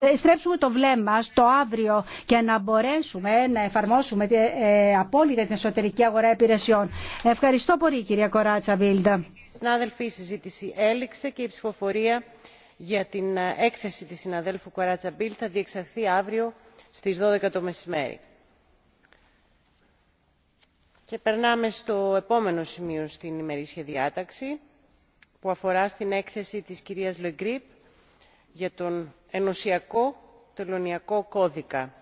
Ε, στρέψουμε το βλέμμα στο αύριο και να μπορέσουμε να εφαρμόσουμε ε, απόλυτα την εσωτερική αγορά υπηρεσιών. Ευχαριστώ πολύ κυρία Κοράτσα Βίλντα. Συνάδελφοι, η συζήτηση έληξε και η ψηφοφορία για την ε, έκθεση της συναδέλφου Κοράτσα Μπίλ θα διεξαχθεί αύριο στις 12 το μεσημέρι. Και περνάμε στο επόμενο σημείο στην ημερήσια διάταξη που αφορά στην έκθεση της κυρίας Λεγκρίπ για τον ενωσιακό τελωνιακό κώδικα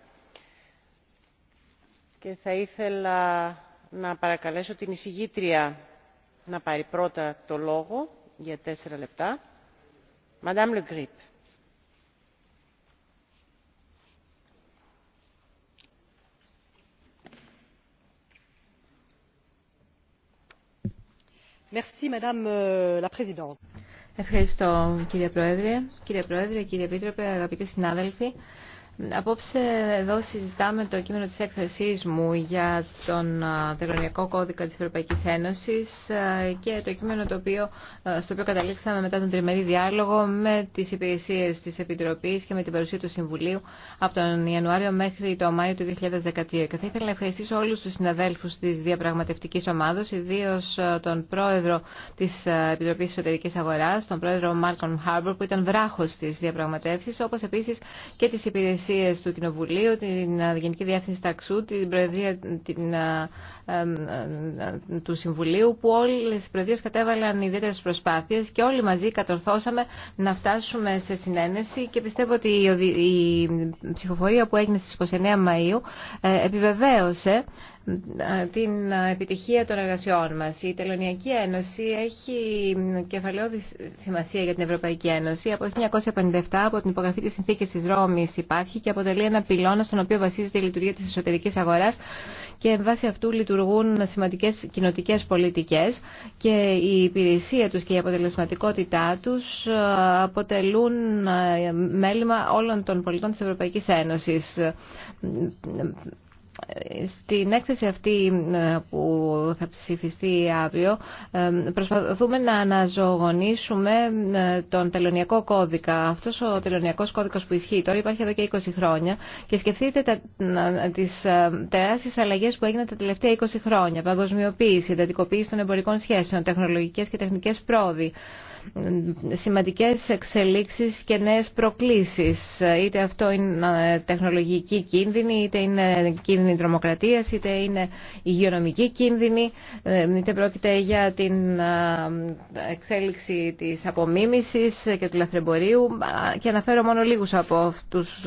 και θα ήθελα να παρακαλέσω την εισηγήτρια να πάρει πρώτα το λόγο για τέσσερα λεπτά. Madame Le Grip. Merci, Madame euh, la Présidente. Ευχαριστώ κύριε Πρόεδρε. Κύριε Πρόεδρε, κύριε Επίτροπε, αγαπητοί συνάδελφοι. Απόψε εδώ συζητάμε το κείμενο της έκθεσής μου για τον τελωνιακό κώδικα της Ευρωπαϊκής Ένωσης και το κείμενο το οποίο, στο οποίο καταλήξαμε μετά τον τριμερή διάλογο με τις υπηρεσίες της Επιτροπής και με την παρουσία του Συμβουλίου από τον Ιανουάριο μέχρι το Μάιο του 2013. Και θα ήθελα να ευχαριστήσω όλους τους συναδέλφους της διαπραγματευτικής ομάδος, ιδίω τον πρόεδρο της Επιτροπής Εσωτερικής Αγοράς, τον πρόεδρο Μάλκον Χάρμπορ που ήταν βράχος της διαπραγματεύσης, όπως επίσης και τις υπηρεσίες υπηρεσίε του Κοινοβουλίου, την Γενική Διεύθυνση Ταξού, την Προεδρία την, του Συμβουλίου, που όλε οι Προεδρίε κατέβαλαν ιδιαίτερε προσπάθειε και όλοι μαζί κατορθώσαμε να φτάσουμε σε συνένεση και πιστεύω ότι η ψηφοφορία που έγινε στις 29 Μαΐου ε, επιβεβαίωσε την επιτυχία των εργασιών μας. Η Τελωνιακή Ένωση έχει κεφαλαιόδη σημασία για την Ευρωπαϊκή Ένωση. Από το 1957, από την υπογραφή της συνθήκης της Ρώμης υπάρχει και αποτελεί ένα πυλώνα στον οποίο βασίζεται η λειτουργία της εσωτερικής αγοράς και βάσει αυτού λειτουργούν σημαντικές κοινοτικέ πολιτικές και η υπηρεσία τους και η αποτελεσματικότητά τους ε, αποτελούν ε, μέλημα όλων των πολιτών της Ευρωπαϊκής Ένωσης στην έκθεση αυτή ε, που θα ψηφιστεί αύριο ε, προσπαθούμε να αναζωογονήσουμε ε, τον τελωνιακό κώδικα. Αυτός ο τελωνιακός κώδικας που ισχύει τώρα υπάρχει εδώ και 20 χρόνια και σκεφτείτε τα, τις τεράστιες αλλαγές που έγιναν τα τελευταία 20 χρόνια. Παγκοσμιοποίηση, εντατικοποίηση των εμπορικών σχέσεων, τεχνολογικές και τεχνικές πρόοδοι σημαντικές εξελίξεις και νέες προκλήσεις. Είτε αυτό είναι τεχνολογική κίνδυνη, είτε είναι κίνδυνη τρομοκρατίας, είτε είναι υγειονομική κίνδυνη, είτε πρόκειται για την εξέλιξη της απομίμησης και του λαθρεμπορίου και αναφέρω μόνο λίγους από αυτούς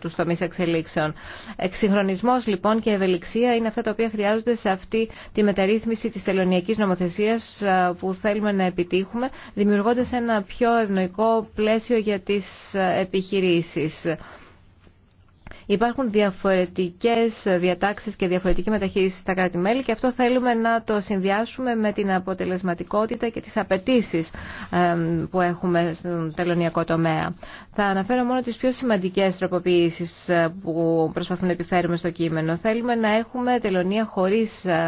τους τομείς εξελίξεων. Εξυγχρονισμός λοιπόν και ευελιξία είναι αυτά τα οποία χρειάζονται σε αυτή τη μεταρρύθμιση της τελωνιακής νομοθεσίας που θέλουμε να επιτύχουμε, δημιουργώντας ένα πιο ευνοϊκό πλαίσιο για τις επιχειρήσεις. Υπάρχουν διαφορετικές διατάξεις και διαφορετική μεταχείριση στα κράτη-μέλη και αυτό θέλουμε να το συνδυάσουμε με την αποτελεσματικότητα και τις απαιτήσει που έχουμε στον τελωνιακό τομέα. Θα αναφέρω μόνο τις πιο σημαντικές τροποποιήσεις ε, που προσπαθούμε να επιφέρουμε στο κείμενο. Θέλουμε να έχουμε τελωνία χωρίς ε,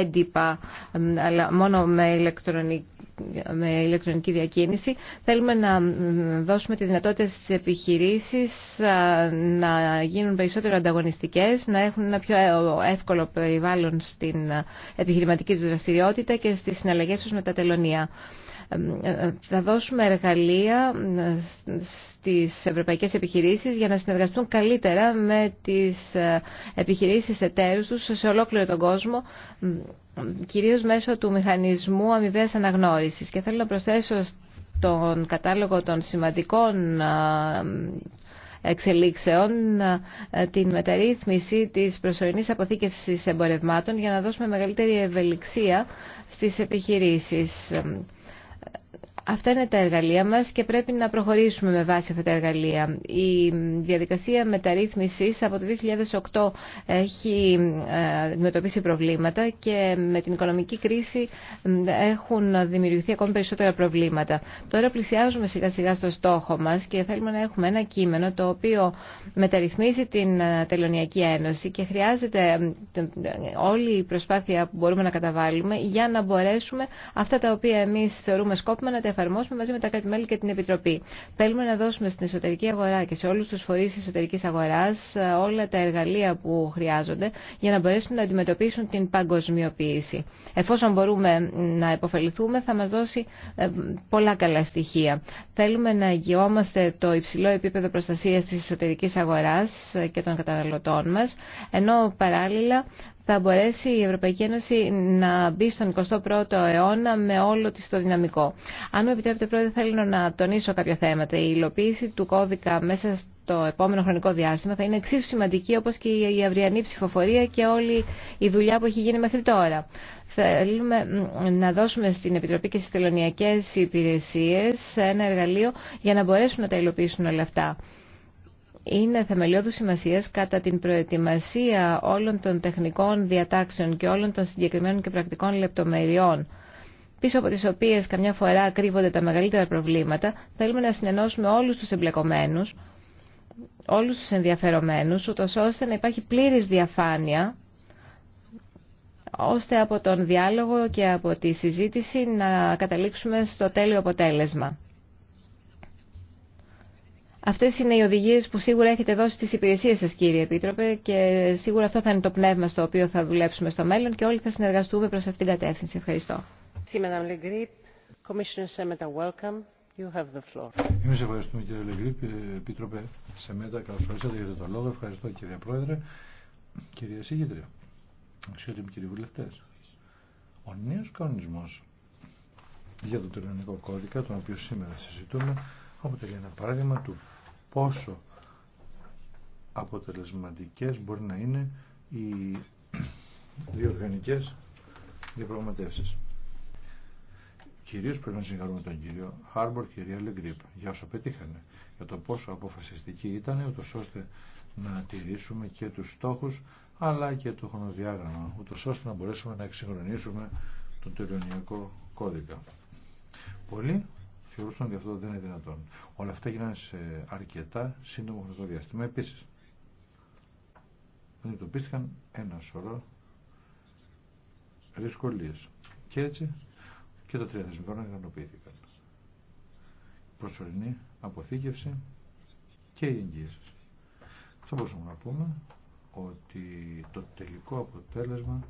έντυπα, αλλά μόνο με ηλεκτρονική με ηλεκτρονική διακίνηση. Θέλουμε να δώσουμε τη δυνατότητα στις επιχειρήσεις ε, να γίνουν περισσότερο ανταγωνιστικές, να έχουν ένα πιο εύκολο περιβάλλον στην επιχειρηματική του δραστηριότητα και στις συναλλαγές τους με τα τελωνία. Θα δώσουμε εργαλεία στις ευρωπαϊκές επιχειρήσεις για να συνεργαστούν καλύτερα με τις επιχειρήσεις εταίρους τους σε ολόκληρο τον κόσμο κυρίως μέσω του μηχανισμού αμοιβαίας αναγνώρισης. Και θέλω να προσθέσω στον κατάλογο των σημαντικών εξελίξεων, ε, την μεταρρύθμιση της προσωρινής αποθήκευσης εμπορευμάτων για να δώσουμε μεγαλύτερη ευελιξία στις επιχειρήσεις. Αυτά είναι τα εργαλεία μας και πρέπει να προχωρήσουμε με βάση αυτά τα εργαλεία. Η διαδικασία μεταρρύθμισης από το 2008 έχει ε, αντιμετωπίσει προβλήματα και με την οικονομική κρίση έχουν δημιουργηθεί ακόμη περισσότερα προβλήματα. Τώρα πλησιάζουμε σιγά σιγά στο στόχο μας και θέλουμε να έχουμε ένα κείμενο το οποίο μεταρρυθμίζει την ε, Τελωνιακή Ένωση και χρειάζεται ε, όλη η προσπάθεια που μπορούμε να καταβάλουμε για να μπορέσουμε αυτά τα οποία εμείς θεωρούμε σκόπιμα να εφαρμόσουμε μαζί με τα κράτη-μέλη και την Επιτροπή. Θέλουμε να δώσουμε στην εσωτερική αγορά και σε όλου του φορεί τη εσωτερική αγορά ε, όλα τα εργαλεία που χρειάζονται για να μπορέσουν να αντιμετωπίσουν την παγκοσμιοποίηση. Εφόσον μπορούμε να υποφεληθούμε, θα μα δώσει ε, πολλά καλά στοιχεία. Θέλουμε να εγγυόμαστε το υψηλό επίπεδο προστασία τη εσωτερική αγορά ε, και των καταναλωτών μα, ενώ παράλληλα θα μπορέσει η Ευρωπαϊκή Ένωση να μπει στον 21ο αιώνα με όλο τη το δυναμικό. Αν μου επιτρέπετε πρόεδρε θέλω να τονίσω κάποια θέματα. Η υλοποίηση του κώδικα μέσα στο επόμενο χρονικό διάστημα θα είναι εξίσου σημαντική όπως και η αυριανή ψηφοφορία και όλη η δουλειά που έχει γίνει μέχρι τώρα. Θέλουμε να δώσουμε στην Επιτροπή και στις τελωνιακές υπηρεσίες ένα εργαλείο για να μπορέσουν να τα υλοποιήσουν όλα αυτά είναι θεμελιώδου σημασία κατά την προετοιμασία όλων των τεχνικών διατάξεων και όλων των συγκεκριμένων και πρακτικών λεπτομεριών πίσω από τι οποίες καμιά φορά κρύβονται τα μεγαλύτερα προβλήματα, θέλουμε να συνενώσουμε όλους τους εμπλεκομένους, όλους τους ενδιαφερομένους, ώστε να υπάρχει πλήρη διαφάνεια, ώστε από τον διάλογο και από τη συζήτηση να καταλήξουμε στο τέλειο αποτέλεσμα. Αυτές είναι οι οδηγίες που σίγουρα έχετε δώσει στις υπηρεσίες σα, κύριε Επίτροπε και σίγουρα αυτό θα είναι το πνεύμα στο οποίο θα δουλέψουμε στο μέλλον και όλοι θα συνεργαστούμε προς αυτήν την κατεύθυνση. Ευχαριστώ. Εμεί ευχαριστούμε κύριε Λεγκρίπ, επίτροπε Σεμέτα, καλώ ορίσατε για το λόγο. Ευχαριστώ κύριε Πρόεδρε, κυρία Σίγητρια, αξιότιμοι κύριοι βουλευτέ. Ο νέο κανονισμό για τον τελωνικό κώδικα, τον οποίο σήμερα συζητούμε, αποτελεί ένα παράδειγμα του πόσο αποτελεσματικές μπορεί να είναι οι διοργανικές διαπραγματεύσεις. Κυρίως πρέπει να συγχαρούμε τον κύριο Χάρμπορ και κυρία Λεγκρίπ για όσο πετύχανε, για το πόσο αποφασιστική ήταν, ούτως ώστε να τηρήσουμε και τους στόχους, αλλά και το χρονοδιάγραμμα, ούτως ώστε να μπορέσουμε να εξυγχρονίσουμε τον τελειωνιακό κώδικα. Πολύ θεωρούσαν ότι αυτό δεν είναι δυνατόν. Όλα αυτά γίνανε σε αρκετά σύντομο χρονικό διάστημα. Επίση, αντιμετωπίστηκαν ένα σωρό δυσκολίε. Και έτσι και τα τρία θεσμικά όργανα ικανοποιήθηκαν. Προσωρινή αποθήκευση και οι Θα μπορούσαμε να πούμε ότι το τελικό αποτέλεσμα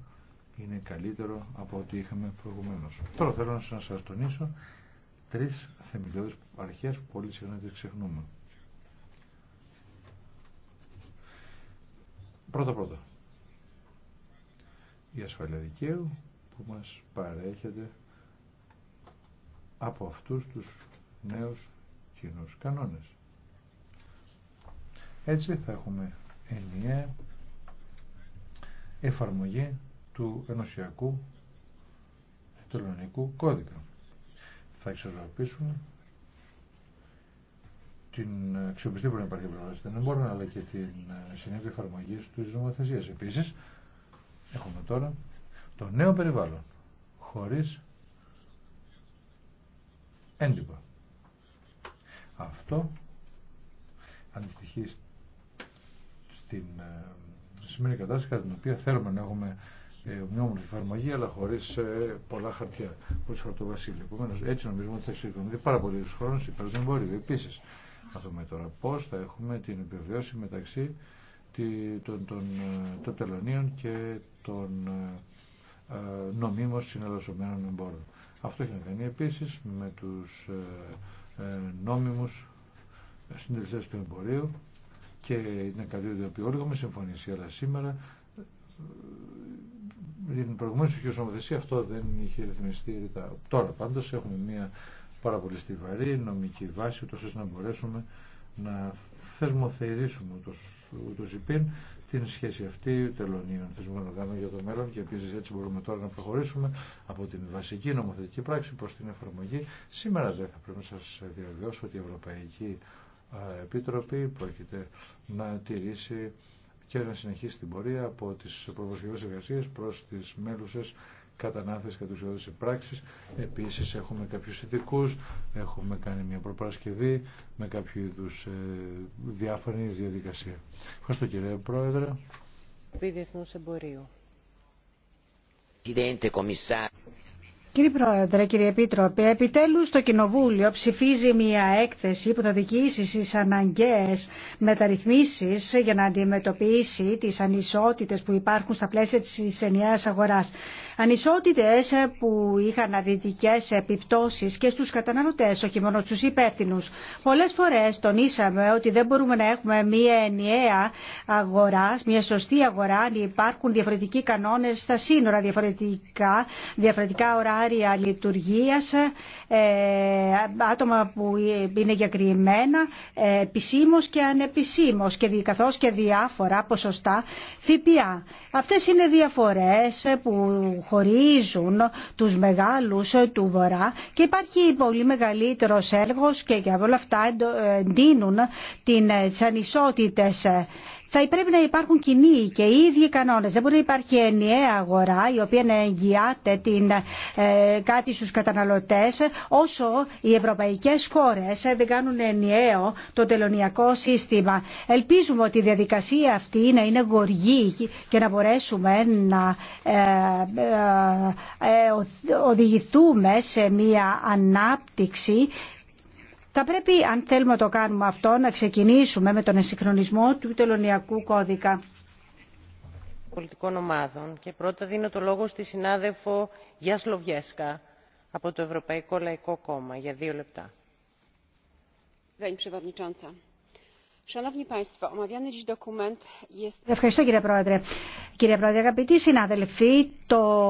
είναι καλύτερο από ό,τι είχαμε προηγουμένως. Τώρα θέλω να σας τονίσω τρεις θεμελιώδεις αρχές που πολύ συχνά τις ξεχνούμε. Πρώτα πρώτα, η ασφαλεία δικαίου που μας παρέχεται από αυτούς τους νέους κοινού κανόνες. Έτσι θα έχουμε ενιαία εφαρμογή του ενωσιακού τελωνικού κώδικα θα εξορροπήσουν την αξιοπιστή που να υπάρχει πλευρά αλλά και την ε, συνέπεια εφαρμογή τη νομοθεσία. Επίση, έχουμε τώρα το νέο περιβάλλον χωρί έντυπα. Αυτό αντιστοιχεί στην ε, σημερινή κατάσταση κατά την οποία θέλουμε να έχουμε μια όμορφη εφαρμογή, αλλά χωρί ε, πολλά χαρτιά, χωρί χαρτοβασίλειο. Επομένω, έτσι νομίζουμε ότι θα εξοικονομηθεί πάρα πολύ χρόνο υπέρ του εμπορίου. Επίση, να δούμε τώρα πώ θα έχουμε την επιβεβαίωση μεταξύ των, των, ε, των τελωνίων και των ε, ε, νομίμως συναλλασσομένων εμπόρων. Αυτό έχει να κάνει επίση με του ε, ε, νόμιμους συντελεστέ του εμπορίου και είναι κάτι το οποίο όλοι έχουμε συμφωνήσει, αλλά σήμερα για την προηγούμενη σου νομοθεσία αυτό δεν είχε ρυθμιστεί ρητά. Τώρα πάντως έχουμε μια πάρα πολύ στιβαρή νομική βάση ούτως ώστε να μπορέσουμε να θεσμοθερήσουμε το υπήν την σχέση αυτή τελωνίων θεσμών οργάνων για το μέλλον και επίση έτσι μπορούμε τώρα να προχωρήσουμε από την βασική νομοθετική πράξη προς την εφαρμογή. Σήμερα δεν θα πρέπει να σας διαβιώσω ότι η Ευρωπαϊκή Επίτροπη πρόκειται να τηρήσει και να συνεχίσει την πορεία από τις προβοσιακές εργασίες προς τις μέλουσες κατανάθεση κατουσιώδης πράξεις. Επίσης έχουμε κάποιους ειδικού, έχουμε κάνει μια προπαρασκευή με κάποιο είδου ε, διάφανη διαδικασία. Ευχαριστώ κύριε Πρόεδρε. Εμπορίου. Κύριε Πρόεδρε, κύριε Επίτροπε, επιτέλους το Κοινοβούλιο ψηφίζει μια έκθεση που θα δικήσει στις αναγκαίες μεταρρυθμίσεις για να αντιμετωπίσει τις ανισότητες που υπάρχουν στα πλαίσια της ενιαίας αγοράς. Ανισότητες που είχαν αρνητικές επιπτώσεις και στους καταναλωτές, όχι μόνο στους υπεύθυνους. Πολλές φορές τονίσαμε ότι δεν μπορούμε να έχουμε μία ενιαία αγορά, μία σωστή αγορά, αν υπάρχουν διαφορετικοί κανόνες στα σύνορα, διαφορετικά, διαφορετικά ωράρια λειτουργίας, ε, άτομα που είναι διακριμένα, ε, επισήμως και ανεπισήμως, και καθώς και διάφορα ποσοστά ΦΠΑ. Αυτές είναι διαφορές που χωρίζουν τους μεγάλους του Βορρά και υπάρχει πολύ μεγαλύτερος έργος και για όλα αυτά ε, εντείνουν ε, τι ανισότητες θα πρέπει να υπάρχουν κοινοί και οι ίδιοι κανόνε. Δεν μπορεί να υπάρχει ενιαία αγορά η οποία να εγγυάται την, ε, κάτι στου καταναλωτέ όσο οι ευρωπαϊκέ χώρε ε, δεν κάνουν ενιαίο το τελωνιακό σύστημα. Ελπίζουμε ότι η διαδικασία αυτή να είναι γοργή και να μπορέσουμε να ε, οδηγηθούμε σε μια ανάπτυξη θα πρέπει, αν θέλουμε να το κάνουμε αυτό, να ξεκινήσουμε με τον εσυγχρονισμό του τελωνιακού κώδικα. Πολιτικών ομάδων και πρώτα δίνω το λόγο στη συνάδελφο σλοβιεσκα από το Ευρωπαϊκό Λαϊκό Κόμμα για δύο λεπτά. Ευχαριστώ κύριε Πρόεδρε. Κύριε Πρόεδρε, αγαπητοί συνάδελφοι, το,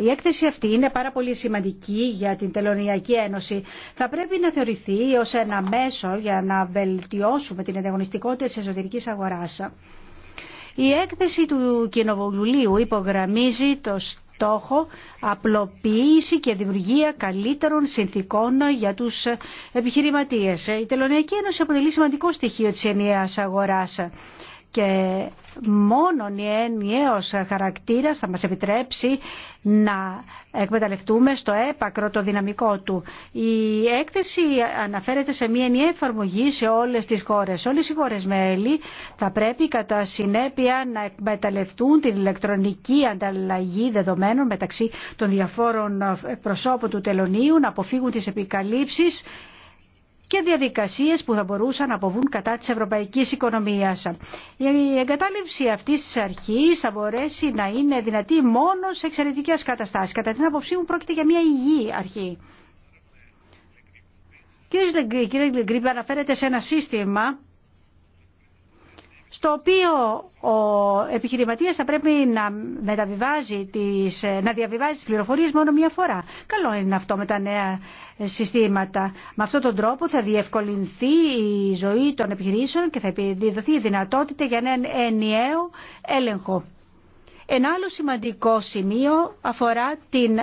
η έκθεση αυτή είναι πάρα πολύ σημαντική για την Τελωνιακή Ένωση. Θα πρέπει να θεωρηθεί ως ένα μέσο για να βελτιώσουμε την ανταγωνιστικότητα της εσωτερική αγοράς. Η έκθεση του Κοινοβουλίου υπογραμμίζει το στόχο απλοποίηση και δημιουργία καλύτερων συνθήκων για τους επιχειρηματίες. Η Τελωνιακή Ένωση αποτελεί σημαντικό στοιχείο της ενιαίας αγοράς και μόνον η ενιαίος χαρακτήρας θα μας επιτρέψει να εκμεταλλευτούμε στο έπακρο το δυναμικό του. Η έκθεση αναφέρεται σε μια ενιαία εφαρμογή σε όλες τις χώρες. Όλες οι χώρες μέλη θα πρέπει κατά συνέπεια να εκμεταλλευτούν την ηλεκτρονική ανταλλαγή δεδομένων μεταξύ των διαφόρων προσώπων του τελωνίου, να αποφύγουν τις επικαλύψεις και διαδικασίες που θα μπορούσαν να αποβούν κατά της ευρωπαϊκής οικονομίας. Η εγκατάλειψη αυτής της αρχής θα μπορέσει να είναι δυνατή μόνο σε εξαιρετικές καταστάσεις. Κατά την άποψή μου πρόκειται για μια υγιή αρχή. Κύριε Λεγκρίπη, αναφέρεται σε ένα σύστημα στο οποίο ο επιχειρηματίας θα πρέπει να, μεταβιβάζει τις, να διαβιβάζει τις πληροφορίες μόνο μία φορά. Καλό είναι αυτό με τα νέα συστήματα. Με αυτόν τον τρόπο θα διευκολυνθεί η ζωή των επιχειρήσεων και θα επιδοθεί η δυνατότητα για έναν ενιαίο έλεγχο. Ένα άλλο σημαντικό σημείο αφορά την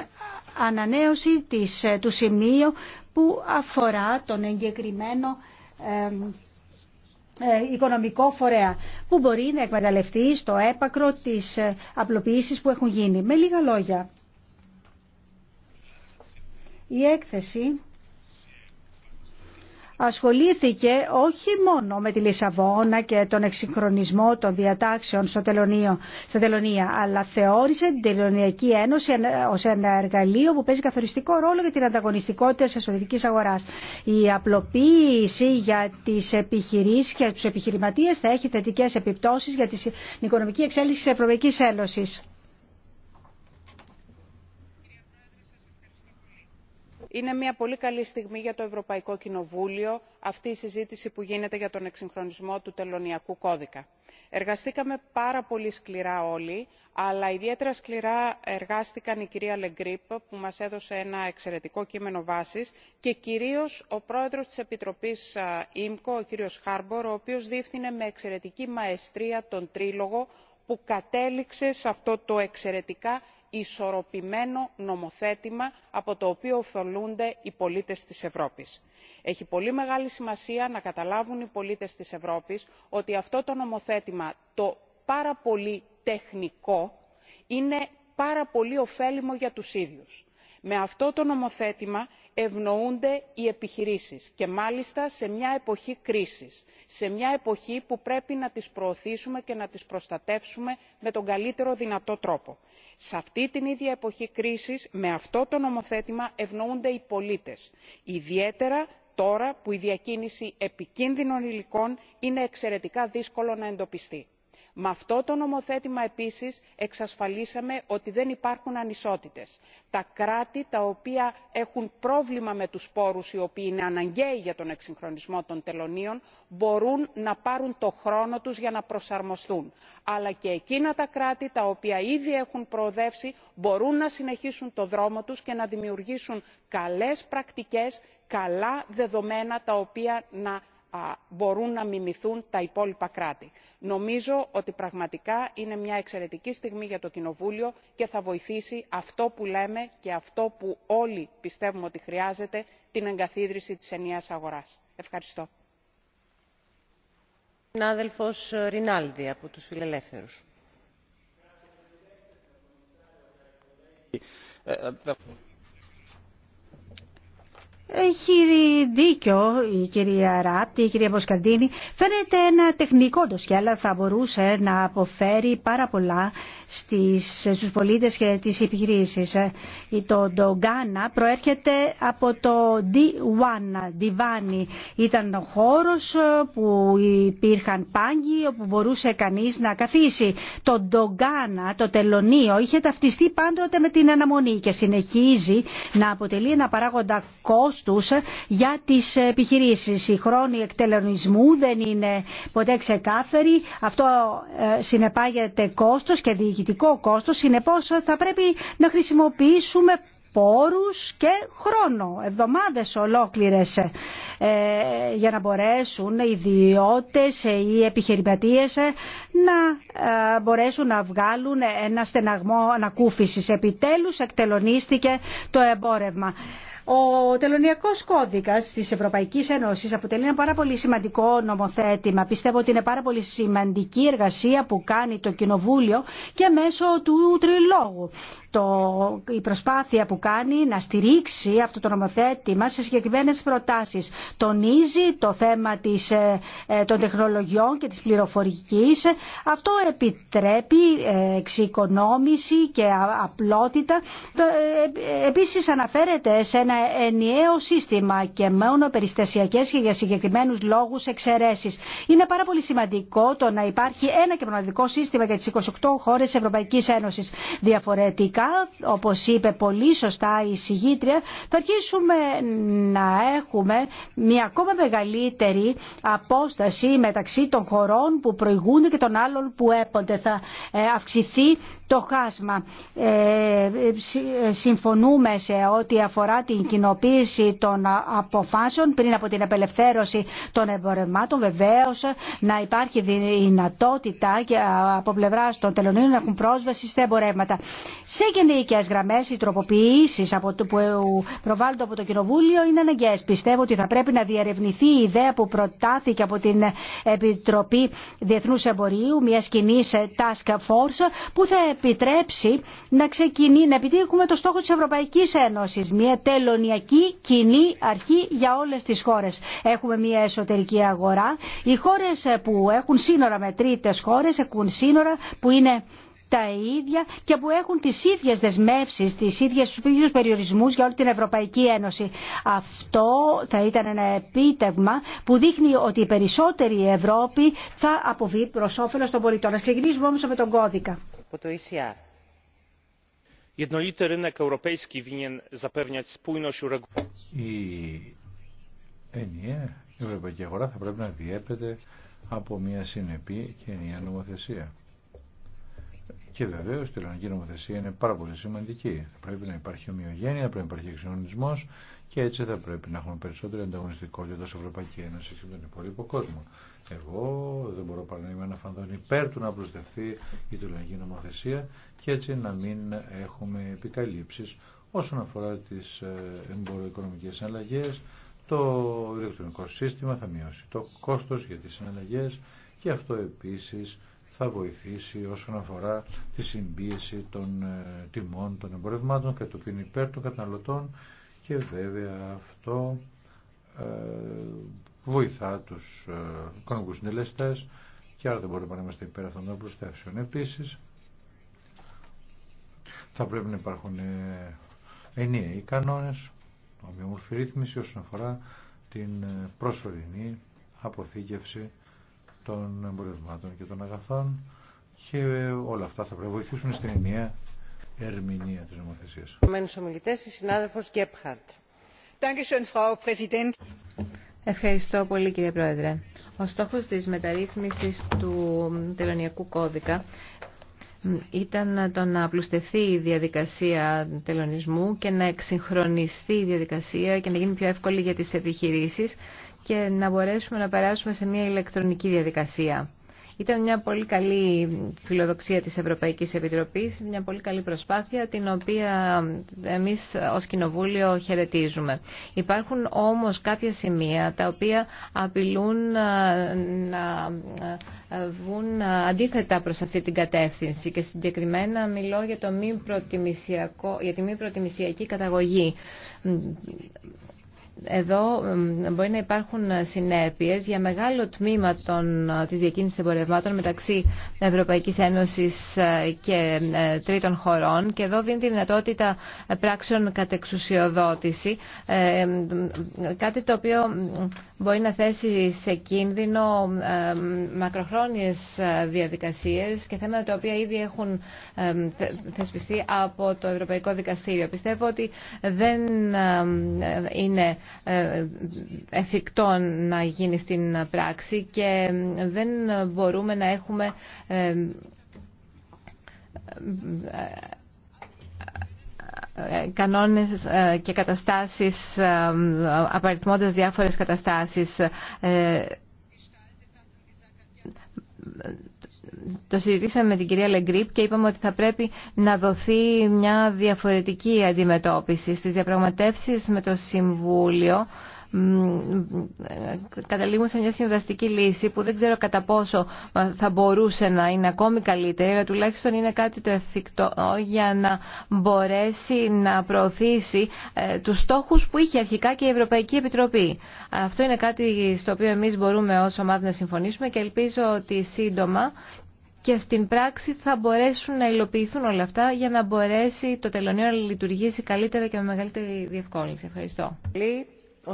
ανανέωση της, του σημείου που αφορά τον εγκεκριμένο ε, οικονομικό φορέα που μπορεί να εκμεταλλευτεί στο έπακρο τις ε, απλοποιήσεις που έχουν γίνει. Με λίγα λόγια, η έκθεση ασχολήθηκε όχι μόνο με τη Λισαβόνα και τον εξυγχρονισμό των διατάξεων στο τελωνίο, στα τελωνία, αλλά θεώρησε την Τελωνιακή Ένωση ω ένα εργαλείο που παίζει καθοριστικό ρόλο για την ανταγωνιστικότητα τη εσωτερική Αγορά. Η απλοποίηση για τις επιχειρήσεις και του επιχειρηματίες θα έχει θετικέ επιπτώσει για την οικονομική εξέλιξη τη Ευρωπαϊκή Ένωση. είναι μια πολύ καλή στιγμή για το ευρωπαϊκό κοινοβούλιο αυτή η συζήτηση που γίνεται για τον εξυγχρονισμό του τελωνειακού κώδικα. εργαστήκαμε πάρα πολύ σκληρά όλοι αλλά ιδιαίτερα σκληρά εργάστηκαν η κυρία le που μας έδωσε ένα εξαιρετικό κείμενο βάσης και κυρίως ο πρόεδρος της επιτροπής imco ο κύριος harbour ο οποίος διεύθυνε με εξαιρετική μαεστρία τον τρίλογο που κατέληξε σε αυτό το εξαιρετικά ισορροπημένο νομοθέτημα από το οποίο ωφελούνται οι πολίτες της ευρώπης. έχει πολύ μεγάλη σημασία να καταλάβουν οι πολίτες της ευρώπης ότι αυτό το νομοθέτημα το πάρα πολύ τεχνικό είναι πάρα πολύ ωφέλιμο για τους ίδιους με αυτό το νομοθέτημα ευνοούνται οι επιχειρήσεις και μάλιστα σε μια εποχή κρίσης σε μια εποχή που πρέπει να τις προωθήσουμε και να τις προστατεύσουμε με τον καλύτερο δυνατό τρόπο. σε αυτή την ίδια εποχή κρίσης με αυτό το νομοθέτημα ευνοούνται οι πολίτες ιδιαίτερα τώρα που η διακίνηση επικίνδυνων υλικών είναι εξαιρετικά δύσκολο να εντοπιστεί με αυτό το νομοθέτημα επίσης εξασφαλίσαμε ότι δεν υπάρχουν ανισότητες. τα κράτη τα οποία έχουν πρόβλημα με τους πόρους οι οποίοι είναι αναγκαίοι για τον εξυγχρονισμό των τελωνίων μπορούν να πάρουν το χρόνο τους για να προσαρμοστούν αλλά και εκείνα τα κράτη τα οποία ήδη έχουν προοδεύσει μπορούν να συνεχίσουν το δρόμο τους και να δημιουργήσουν καλές πρακτικές καλά δεδομένα τα οποία να μπορούν να μιμηθούν τα υπόλοιπα κράτη. νομίζω ότι πραγματικά είναι μια εξαιρετική στιγμή για το κοινοβούλιο και θα βοηθήσει αυτό που λέμε και αυτό που όλοι πιστεύουμε ότι χρειάζεται την εγκαθίδρυση της ενιαίας αγοράς. ευχαριστώ. Έχει δίκιο η κυρία Ράπτη, η κυρία Μποσκαντίνη. Φαίνεται ένα τεχνικό ντοσιά, θα μπορούσε να αποφέρει πάρα πολλά στις, στους πολίτες και τις επιχειρήσεις. Ε, το ντογκάνα προέρχεται από το Διουάνα, Διβάνι. Ήταν ο χώρος ε, που υπήρχαν πάγκοι όπου μπορούσε κανείς να καθίσει. Το ντογκάνα, το τελωνίο, είχε ταυτιστεί πάντοτε με την αναμονή και συνεχίζει να αποτελεί ένα παράγοντα κόστους ε, για τις επιχειρήσεις. Οι χρόνοι εκτελωνισμού δεν είναι ποτέ ξεκάθαρη. Αυτό συνεπάγεται κόστος και Συνεπώ κόστος, συνεπώς θα πρέπει να χρησιμοποιήσουμε πόρους και χρόνο, εβδομάδες ολόκληρες ε, για να μπορέσουν οι ιδιώτες, ε, οι επιχειρηματίες ε, να μπορέσουν να βγάλουν ένα στεναγμό ανακούφισης. Επιτέλους εκτελονίστηκε το εμπόρευμα. Ο Τελωνιακό κώδικας της Ευρωπαϊκής Ένωσης αποτελεί ένα πάρα πολύ σημαντικό νομοθέτημα. Πιστεύω ότι είναι πάρα πολύ σημαντική εργασία που κάνει το Κοινοβούλιο και μέσω του τριλόγου το, η προσπάθεια που κάνει να στηρίξει αυτό το νομοθέτημα σε συγκεκριμένες προτάσεις. Τονίζει το θέμα της, ε, ε, των τεχνολογιών και της πληροφορικής. Αυτό επιτρέπει ε, εξοικονόμηση και απλότητα. Επίσης αναφέρεται σε ένα ενιαίο σύστημα και μόνο περιστασιακές και για συγκεκριμένους λόγους εξαιρέσεις. Είναι πάρα πολύ σημαντικό το να υπάρχει ένα και μοναδικό σύστημα για τις 28 χώρες Ευρωπαϊκής Ένωσης. Διαφορετικά Όπω όπως είπε πολύ σωστά η συγγήτρια, θα αρχίσουμε να έχουμε μια ακόμα μεγαλύτερη απόσταση μεταξύ των χωρών που προηγούνται και των άλλων που έπονται. Θα ε, αυξηθεί το χάσμα. Ε, ε, συμφωνούμε σε ό,τι αφορά την κοινοποίηση των αποφάσεων πριν από την απελευθέρωση των εμπορευμάτων. Βεβαίω να υπάρχει δυνατότητα και από πλευρά των τελωνίων να έχουν πρόσβαση στα εμπορεύματα γενικέ γραμμέ, οι τροποποιήσει που προβάλλονται από το Κοινοβούλιο είναι αναγκαίε. Πιστεύω ότι θα πρέπει να διαρευνηθεί η ιδέα που προτάθηκε από την Επιτροπή Διεθνού Εμπορίου, μια κοινή task force που θα επιτρέψει να ξεκινήσει, να επιτύχουμε το στόχο τη Ευρωπαϊκή Ένωση. Μια τελωνιακή κοινή αρχή για όλε τι χώρε. Έχουμε μια εσωτερική αγορά. Οι χώρε που έχουν σύνορα με τρίτε χώρε έχουν σύνορα που είναι τα ίδια και που έχουν τις ίδιες δεσμεύσεις, τις ίδιες τους ίδιους περιορισμούς για όλη την Ευρωπαϊκή Ένωση. Αυτό θα ήταν ένα επίτευγμα που δείχνει ότι η περισσότερη Ευρώπη θα αποβεί προς όφελος των πολιτών. Να ξεκινήσουμε όμως με τον κώδικα. E η ενιαία ευρωπαϊκή αγορά θα πρέπει να διέπεται από μια συνεπή και ενιαία νομοθεσία. Και βεβαίω η ελληνική νομοθεσία είναι πάρα πολύ σημαντική. Θα πρέπει να υπάρχει ομοιογένεια, πρέπει να υπάρχει εξυγχρονισμό και έτσι θα πρέπει να έχουμε περισσότερο ανταγωνιστικότητα σε Ευρωπαϊκή Ένωση και τον υπόλοιπο κόσμο. Εγώ δεν μπορώ παρά να είμαι φανδόν υπέρ του να προσδευτεί η τουρκική νομοθεσία και έτσι να μην έχουμε επικαλύψει όσον αφορά τι ε, εμποροοικονομικέ συναλλαγέ. Το ηλεκτρονικό σύστημα θα μειώσει το κόστο για τι συναλλαγέ και αυτό επίση θα βοηθήσει όσον αφορά τη συμπίεση των ε, τιμών των εμπορευμάτων και το υπέρ των καταναλωτών και βέβαια αυτό ε, βοηθά τους οικονομικούς ε, συντελεστές και άρα δεν μπορούμε να είμαστε υπέρ αυτών των προστασιών. Επίσης, θα πρέπει να υπάρχουν ενιαίοι κανόνες, ομοιομορφή ρύθμιση όσον αφορά την προσωρινή αποθήκευση των εμπορευμάτων και των αγαθών και όλα αυτά θα πρέπει βοηθήσουν στην ενιαία ερμηνεία της νομοθεσίας. Ευχαριστώ πολύ κύριε Πρόεδρε. Ο στόχος της μεταρρύθμισης του τελωνιακού κώδικα ήταν το να απλουστευτεί η διαδικασία τελωνισμού και να εξυγχρονιστεί η διαδικασία και να γίνει πιο εύκολη για τις επιχειρήσεις και να μπορέσουμε να περάσουμε σε μια ηλεκτρονική διαδικασία. Ήταν μια πολύ καλή φιλοδοξία της Ευρωπαϊκής Επιτροπής, μια πολύ καλή προσπάθεια την οποία εμείς ως Κοινοβούλιο χαιρετίζουμε. Υπάρχουν όμως κάποια σημεία τα οποία απειλούν ε, να ε, βγουν αντίθετα προς αυτή την κατεύθυνση και συγκεκριμένα μιλώ για, το μη για τη μη προτιμησιακή καταγωγή. Εδώ μπορεί να υπάρχουν συνέπειες για μεγάλο τμήμα των, της διακίνησης εμπορευμάτων μεταξύ Ευρωπαϊκής Ένωσης ε, και ε, τρίτων χωρών και εδώ δίνει τη δυνατότητα πράξεων κατεξουσιοδότηση, ε, κάτι το οποίο μπορεί να θέσει σε κίνδυνο μακροχρόνιες διαδικασίες και θέματα τα οποία ήδη έχουν θεσπιστεί από το Ευρωπαϊκό Δικαστήριο. Πιστεύω ότι δεν είναι ε, εφικτό να γίνει στην πράξη και δεν μπορούμε να έχουμε ε, ε, κανόνες και καταστάσεις απαριθμώντας διάφορες καταστάσεις το συζητήσαμε με την κυρία Λεγκρίπ και είπαμε ότι θα πρέπει να δοθεί μια διαφορετική αντιμετώπιση στις διαπραγματεύσεις με το Συμβούλιο καταλήγουμε σε μια συμβαστική λύση που δεν ξέρω κατά πόσο ε, θα μπορούσε να είναι ακόμη καλύτερη, αλλά τουλάχιστον είναι κάτι το εφικτό για να μπορέσει να προωθήσει ε, τους στόχους που είχε αρχικά και η Ευρωπαϊκή Επιτροπή. Αυτό είναι κάτι στο οποίο εμείς μπορούμε ως ομάδα να συμφωνήσουμε και ελπίζω ότι σύντομα και στην πράξη θα μπορέσουν να υλοποιηθούν όλα αυτά για να μπορέσει το τελωνίο να λειτουργήσει καλύτερα και με μεγαλύτερη διευκόλυνση. Ευχαριστώ. Ο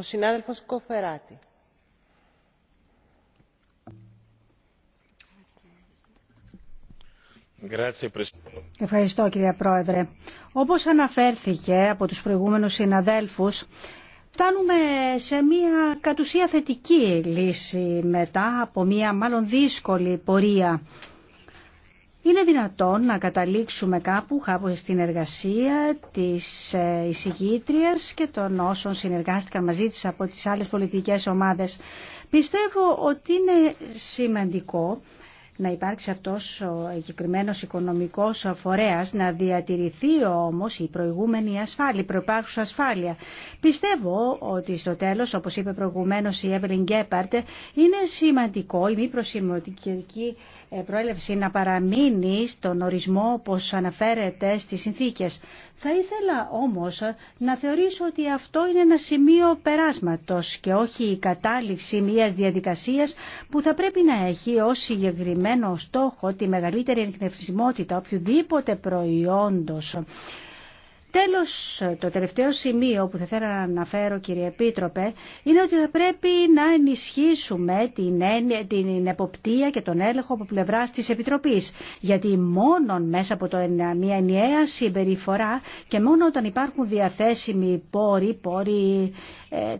Ευχαριστώ κύριε Πρόεδρε. Όπως αναφέρθηκε από τους προηγούμενους συναδέλφους, φτάνουμε σε μια κατουσία θετική λύση μετά από μια μάλλον δύσκολη πορεία. Είναι δυνατόν να καταλήξουμε κάπου κάπου στην εργασία της ε, εισηγήτριας και των όσων συνεργάστηκαν μαζί της από τις άλλες πολιτικές ομάδες. Πιστεύω ότι είναι σημαντικό να υπάρξει αυτός ο εγκεκριμένος οικονομικός φορέας, να διατηρηθεί όμως η προηγούμενη ασφάλεια, η προπάρχουσα ασφάλεια. Πιστεύω ότι στο τέλος, όπως είπε προηγουμένως η Εύελιν Γκέπαρτ, είναι σημαντικό η μη προσημειωτική ε, προέλευση να παραμείνει στον ορισμό όπως αναφέρεται στις συνθήκες. Θα ήθελα όμως να θεωρήσω ότι αυτό είναι ένα σημείο περάσματος και όχι η κατάληξη μιας διαδικασίας που θα πρέπει να έχει ως συγκεκριμένο στόχο τη μεγαλύτερη ενεχνευσιμότητα οποιοδήποτε προϊόντος Τέλος, το τελευταίο σημείο που θα θέλω να αναφέρω, κύριε Επίτροπε, είναι ότι θα πρέπει να ενισχύσουμε την, την εποπτεία και τον έλεγχο από πλευρά της Επιτροπής. Γιατί μόνο μέσα από το, μια ενιαία συμπεριφορά και μόνο όταν υπάρχουν διαθέσιμοι πόροι, πόροι ε,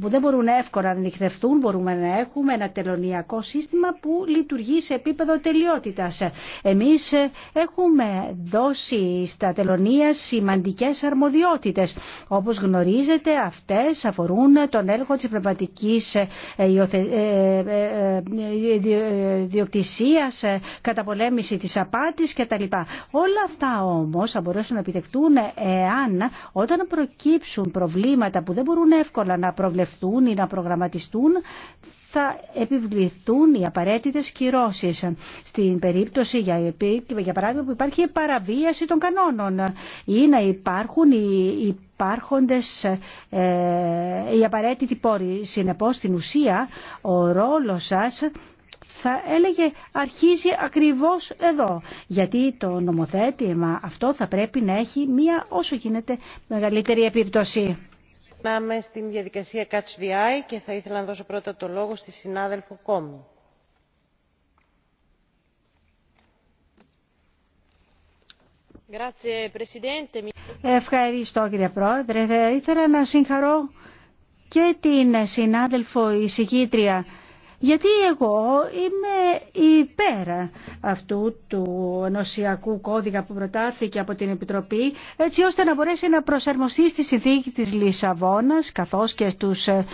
που δεν μπορούν εύκολα να νυχτευτούν, μπορούμε να έχουμε ένα τελωνιακό σύστημα που λειτουργεί σε επίπεδο τελειότητας. Εμείς ε, έχουμε δώσει στα τελωνία σημαντική Όπω αρμοδιότητες. Όπως γνωρίζετε αυτές αφορούν τον έλεγχο της πνευματικής ε, ε, ε, διοκτησίας, καταπολέμηση της απάτης κτλ. Όλα αυτά όμως θα μπορέσουν να επιτευχθούν εάν όταν προκύψουν προβλήματα που δεν μπορούν εύκολα να προβλεφθούν ή να προγραμματιστούν θα επιβληθούν οι απαραίτητες κυρώσεις. Στην περίπτωση, για παράδειγμα, που υπάρχει παραβίαση των κανόνων ή να υπάρχουν οι υπάρχοντες ε, οι απαραίτητοι πόροι. Συνεπώς, στην ουσία, ο ρόλος σας θα έλεγε αρχίζει ακριβώς εδώ. Γιατί το νομοθέτημα αυτό θα πρέπει να έχει μία όσο γίνεται μεγαλύτερη επίπτωση ξεκινάμε στην διαδικασία Catch the Eye και θα ήθελα να δώσω πρώτα το λόγο στη συνάδελφο Κόμου. Ευχαριστώ κύριε Πρόεδρε. Θα ήθελα να συγχαρώ και την συνάδελφο εισηγήτρια γιατί εγώ είμαι υπέρ αυτού του νοσιακού κώδικα που προτάθηκε από την Επιτροπή έτσι ώστε να μπορέσει να προσαρμοστεί στη συνθήκη της Λισαβόνας καθώς και στους, ε,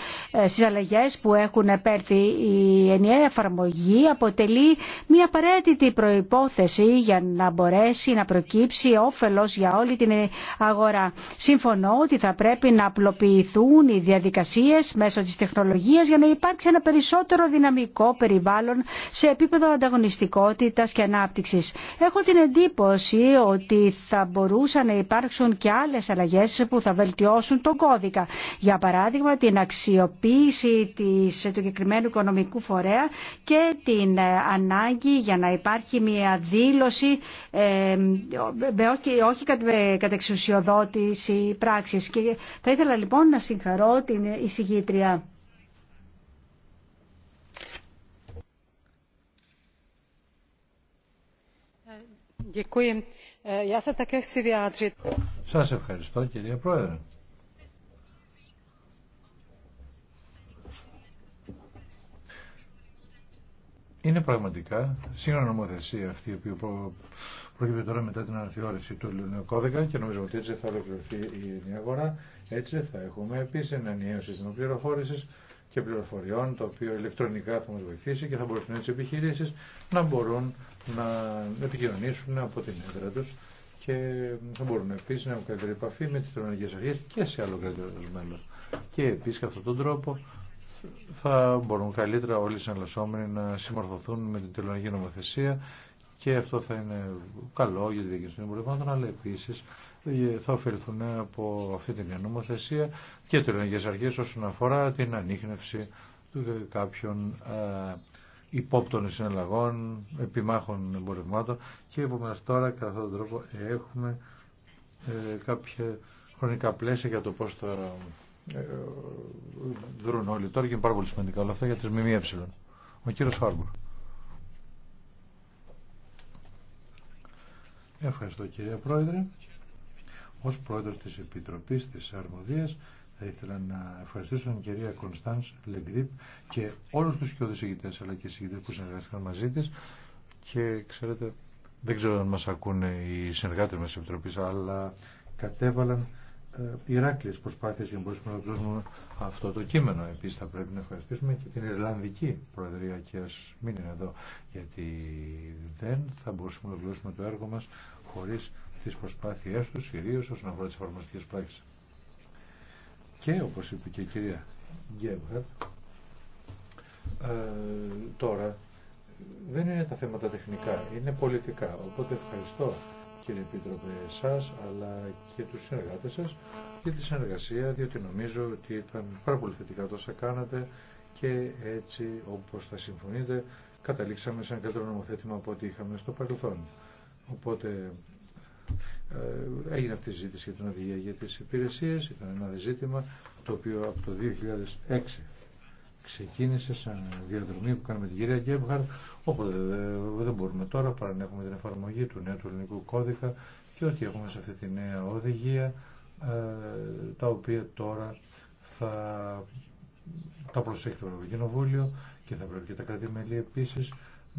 στις που έχουν επέρθει η ενιαία εφαρμογή αποτελεί μια απαραίτητη προϋπόθεση για να μπορέσει να προκύψει όφελος για όλη την αγορά. Συμφωνώ ότι θα πρέπει να απλοποιηθούν οι διαδικασίες μέσω της τεχνολογίας για να υπάρξει ένα περισσότερο δυναμικό περιβάλλον σε επίπεδο ανταγωνιστικότητας και ανάπτυξης. Έχω την εντύπωση ότι θα μπορούσαν να υπάρξουν και άλλες αλλαγές που θα βελτιώσουν τον κώδικα. Για παράδειγμα την αξιοποίηση της, του κεκριμένου οικονομικού φορέα και την ε, ανάγκη για να υπάρχει μια δήλωση ε, με όχι, όχι κατεξουσιοδότηση πράξης. Και θα ήθελα λοιπόν να συγχαρώ την εισηγήτρια. Eh, Σας ευχαριστώ κυρία Πρόεδρε. Είναι πραγματικά σύγχρονη νομοθεσία αυτή η οποία προκύπτει τώρα μετά την αναθεώρηση του ελληνικού κώδικα και νομίζω ότι έτσι θα ολοκληρωθεί η νέα αγορά. Έτσι θα έχουμε επίση ένα νέο σύστημα πληροφόρηση και πληροφοριών το οποίο ηλεκτρονικά θα μα βοηθήσει και θα μπορούν έτσι επιχειρήσει να μπορούν να επικοινωνήσουν από την έδρα του και θα μπορούν επίση να έχουν καλύτερη επαφή με τι τρονικές αρχέ και σε άλλο καλύτερο μέλο. Και επίσης αυτόν τον τρόπο θα μπορούν καλύτερα όλοι οι συναλλασσόμενοι να συμμορφωθούν με την τελωνική νομοθεσία και αυτό θα είναι καλό για τη διοίκηση των εμπορευμάτων, αλλά επίση ε, θα ωφεληθούν από αυτή την νομοθεσία και τελωνικέ αρχέ όσον αφορά την ανείχνευση του κάποιων ε, υπόπτων συναλλαγών, επιμάχων εμπορευμάτων και επομένω τώρα κατά αυτόν τον τρόπο έχουμε ε, κάποια χρονικά πλαίσια για το πώς θα ε, δρούν όλοι τώρα και είναι πάρα πολύ σημαντικά όλα αυτά για τις ΜΜΕ. Ο κύριος Χάρμπορ. Ευχαριστώ κύριε Πρόεδρε. Ως πρόεδρος της Επιτροπής της Αρμοδίας θα ήθελα να ευχαριστήσω την κυρία Κωνσταντς Λεγκρίπ και όλους τους κοιόδους ηγητές αλλά και συγητές που συνεργάστηκαν μαζί της και ξέρετε δεν ξέρω αν μας ακούνε οι συνεργάτες μας της Επιτροπής αλλά κατέβαλαν ε, Ηράκλειε προσπάθειε για να μπορέσουμε να δώσουμε αυτό το κείμενο. Επίση, θα πρέπει να ευχαριστήσουμε και την Ιρλανδική Προεδρία και α μην είναι εδώ, γιατί δεν θα μπορούσαμε να δώσουμε το έργο μα χωρί τι προσπάθειέ του, κυρίω όσον αφορά τι εφαρμοστικέ πράξει. Και όπως είπε και η κυρία Γκέμπχαρτ, ε, τώρα δεν είναι τα θέματα τεχνικά, είναι πολιτικά. Οπότε ευχαριστώ κύριε Επίτροπε εσάς αλλά και τους συνεργάτες σας για τη συνεργασία διότι νομίζω ότι ήταν πάρα πολύ θετικά τόσα κάνατε και έτσι όπως θα συμφωνείτε καταλήξαμε σε ένα καλύτερο νομοθέτημα από ό,τι είχαμε στο παρελθόν. Οπότε ε, έγινε αυτή η ζήτηση για την οδηγία για τις υπηρεσίες. Ήταν ένα ζήτημα το οποίο από το 2006 ξεκίνησε σαν διαδρομή που κάναμε την κυρία Γκέμπχαρτ. Οπότε δεν μπορούμε τώρα παρά να έχουμε την εφαρμογή του νέου του ελληνικού κώδικα και ότι έχουμε σε αυτή τη νέα οδηγία ε, τα οποία τώρα θα τα προσέχει το κοινοβούλιο και θα πρέπει και τα κρατήμελη επίσης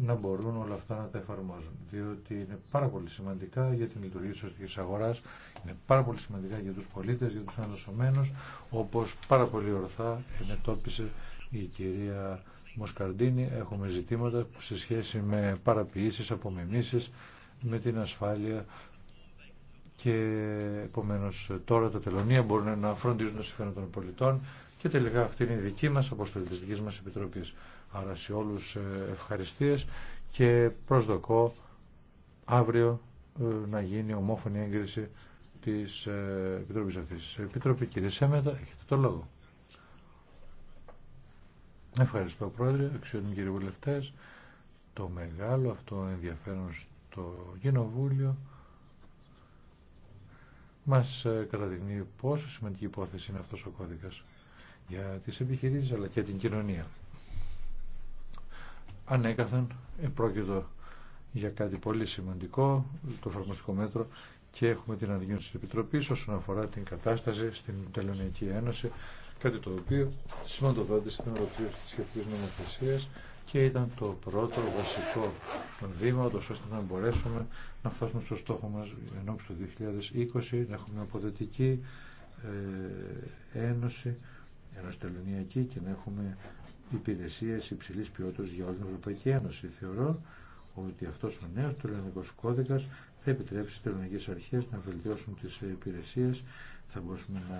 να μπορούν όλα αυτά να τα εφαρμόζουν. Διότι είναι πάρα πολύ σημαντικά για την λειτουργία της σωστικής αγοράς, είναι πάρα πολύ σημαντικά για τους πολίτες, για τους αναλωσσομένους, όπως πάρα πολύ ορθά ενετόπισε η κυρία Μοσκαρντίνη. Έχουμε ζητήματα σε σχέση με παραποιήσεις, απομιμήσεις, με την ασφάλεια και επομένως τώρα τα τελωνία μπορούν να φροντίζουν το συμφέρον των πολιτών και τελικά αυτή είναι η δική μας αποστολή της δικής μας επιτροπής. Άρα σε όλους ε, ευχαριστίες και προσδοκώ αύριο ε, να γίνει ομόφωνη έγκριση της ε, Επιτροπής αυτής. Επιτροπή κύριε Σέμετα, έχετε το λόγο. Ευχαριστώ Πρόεδρε, αξιότιμοι κύριοι βουλευτές. Το μεγάλο αυτό ενδιαφέρον στο Κοινοβούλιο μας καταδεικνύει πόσο σημαντική υπόθεση είναι αυτός ο κώδικας για τις επιχειρήσεις αλλά και την κοινωνία ανέκαθεν πρόκειτο για κάτι πολύ σημαντικό, το εφαρμοστικό μέτρο και έχουμε την ανακοίνωση της Επιτροπής όσον αφορά την κατάσταση στην Τελωνιακή Ένωση, κάτι το οποίο σημαντοδότησε την ολοκλήρωση της σχετικής νομοθεσίας και ήταν το πρώτο βασικό βήμα, ώστε να μπορέσουμε να φτάσουμε στο στόχο μας ενώπιση του 2020, να έχουμε αποδετική ε, ένωση, ένωση τελωνιακή και να έχουμε Υπηρεσίε υψηλή ποιότητα για όλη την Ευρωπαϊκή Ένωση. Θεωρώ ότι αυτό ο νέος ελληνικό κώδικα θα επιτρέψει στις τελωνικές αρχές να βελτιώσουν τι υπηρεσίε, θα μπορούμε να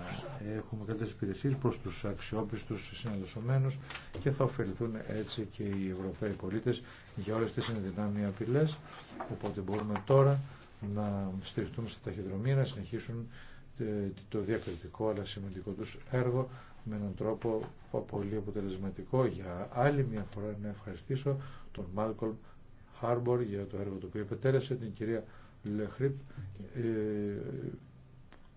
έχουμε καλύτερε υπηρεσίε προς τους αξιόπιστους συνεργασομένους και θα ωφεληθούν έτσι και οι Ευρωπαίοι πολίτε για όλε τι ενδυνάμει απειλέ, οπότε μπορούμε τώρα να στηριχτούμε στα ταχυδρομεία, να συνεχίσουν ε, το διακριτικό αλλά σημαντικό τους έργο με έναν τρόπο πολύ αποτελεσματικό για άλλη μια φορά να ευχαριστήσω τον Μάλκολμ Χάρμπορ για το έργο το οποίο επετέλεσε την κυρία Λεχρύπ ε,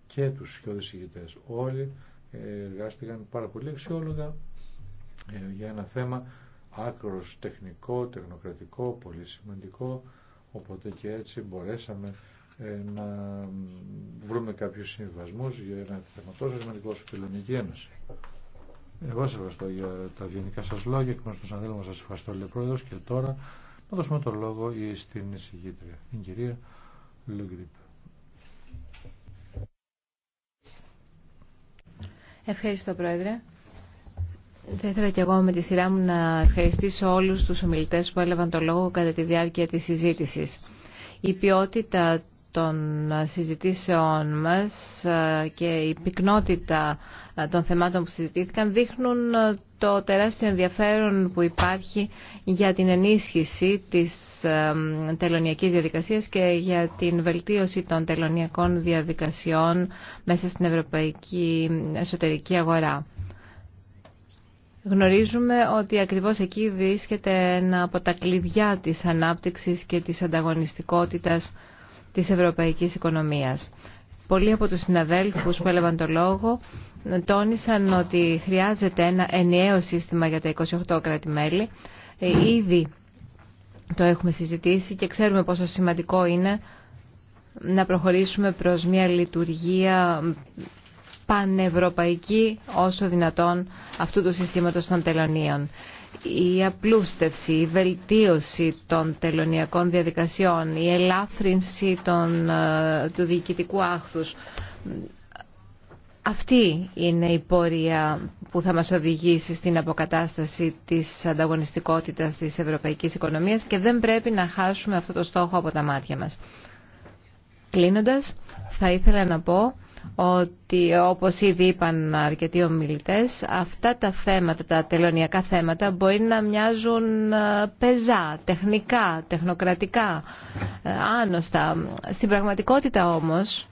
και τους σιώδες ηγητές. Όλοι ε, εργάστηκαν πάρα πολύ αξιόλογα ε, για ένα θέμα άκρος τεχνικό, τεχνοκρατικό, πολύ σημαντικό, οπότε και έτσι μπορέσαμε ε, να βρούμε κάποιους συμβασμούς για ένα θέμα τόσο σημαντικό όσο και η Ελληνική Ένωση. Εγώ σε ευχαριστώ για τα γενικά σας λόγια και μας τους αδέλφους σας ευχαριστώ λέει πρόεδρος και τώρα να δώσουμε το λόγο στην εισηγήτρια, την κυρία Λουγκρίπ. Ευχαριστώ πρόεδρε. Θα ήθελα και εγώ με τη σειρά μου να ευχαριστήσω όλους τους ομιλητές που έλαβαν το λόγο κατά τη διάρκεια της συζήτησης. Η ποιότητα των συζητήσεών μας ε, και η πυκνότητα ε, των θεμάτων που συζητήθηκαν δείχνουν ε, το τεράστιο ενδιαφέρον που υπάρχει για την ενίσχυση της τελωνιακής διαδικασίας και για την βελτίωση των τελωνιακών διαδικασιών μέσα στην ευρωπαϊκή εσωτερική αγορά. Γνωρίζουμε ότι ακριβώς εκεί βρίσκεται ένα από τα κλειδιά της ανάπτυξης και της ανταγωνιστικότητας της ευρωπαϊκής οικονομίας. Πολλοί από τους συναδέλφους που έλαβαν το λόγο τόνισαν ότι χρειάζεται ένα ενιαίο σύστημα για τα 28 κράτη-μέλη. Ε, ήδη το έχουμε συζητήσει και ξέρουμε πόσο σημαντικό είναι να προχωρήσουμε προς μια λειτουργία πανευρωπαϊκή όσο δυνατόν αυτού του συστήματος των τελωνίων η απλούστευση, η βελτίωση των τελωνιακών διαδικασιών, η ελάφρυνση των, ε, του διοικητικού άχθους. Αυτή είναι η πορεία που θα μας οδηγήσει στην αποκατάσταση της ανταγωνιστικότητας της ευρωπαϊκής οικονομίας και δεν πρέπει να χάσουμε αυτό το στόχο από τα μάτια μας. Κλείνοντας, θα ήθελα να πω ότι όπως ήδη είπαν αρκετοί ομιλητές, αυτά τα θέματα, τα τελωνιακά θέματα μπορεί να μοιάζουν ε, πεζά, τεχνικά, τεχνοκρατικά, ε, άνοστα. Στην πραγματικότητα όμως,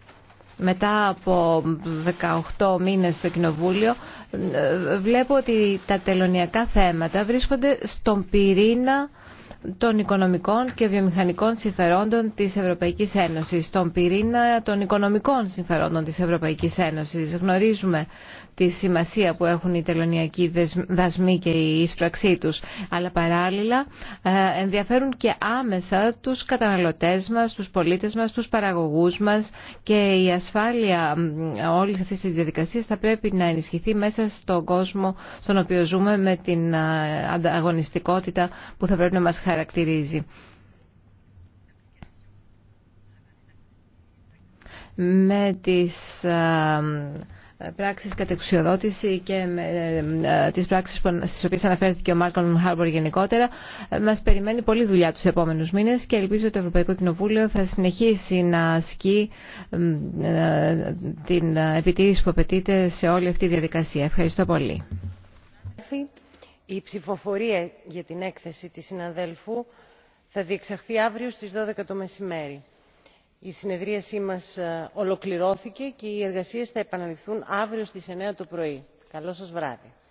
μετά από 18 μήνες στο Κοινοβούλιο, ε, βλέπω ότι τα τελωνιακά θέματα βρίσκονται στον πυρήνα των οικονομικών και βιομηχανικών συμφερόντων της Ευρωπαϊκής Ένωσης, στον πυρήνα των οικονομικών συμφερόντων της Ευρωπαϊκής Ένωσης. Γνωρίζουμε τη σημασία που έχουν οι τελωνιακοί δασμοί και η εισπραξή τους, αλλά παράλληλα ε, ενδιαφέρουν και άμεσα τους καταναλωτές μας, τους πολίτες μας, τους παραγωγούς μας και η ασφάλεια όλης αυτής της διαδικασίας θα πρέπει να ενισχυθεί μέσα στον κόσμο στον οποίο ζούμε με την ε, ανταγωνιστικότητα που θα πρέπει να μας χαρακτηρίζει χαρακτηρίζει. Με τις ε, πράξεις κατεξουσιοδότηση και με ε, τις πράξεις στις οποίες αναφέρθηκε ο Μάρκον Χάρμπορ γενικότερα ε, μας περιμένει πολλή δουλειά τους επόμενους μήνες και ελπίζω ότι το Ευρωπαϊκό Κοινοβούλιο θα συνεχίσει να ασκεί την επιτήρηση που απαιτείται σε όλη αυτή τη διαδικασία. Ευχαριστώ πολύ η ψηφοφορία για την έκθεση της συναδέλφου θα διεξαχθεί αύριο στις 12 το μεσημέρι. Η συνεδρίασή μας ε, ολοκληρώθηκε και οι εργασίες θα επαναληφθούν αύριο στις 9 το πρωί. Καλό σας βράδυ.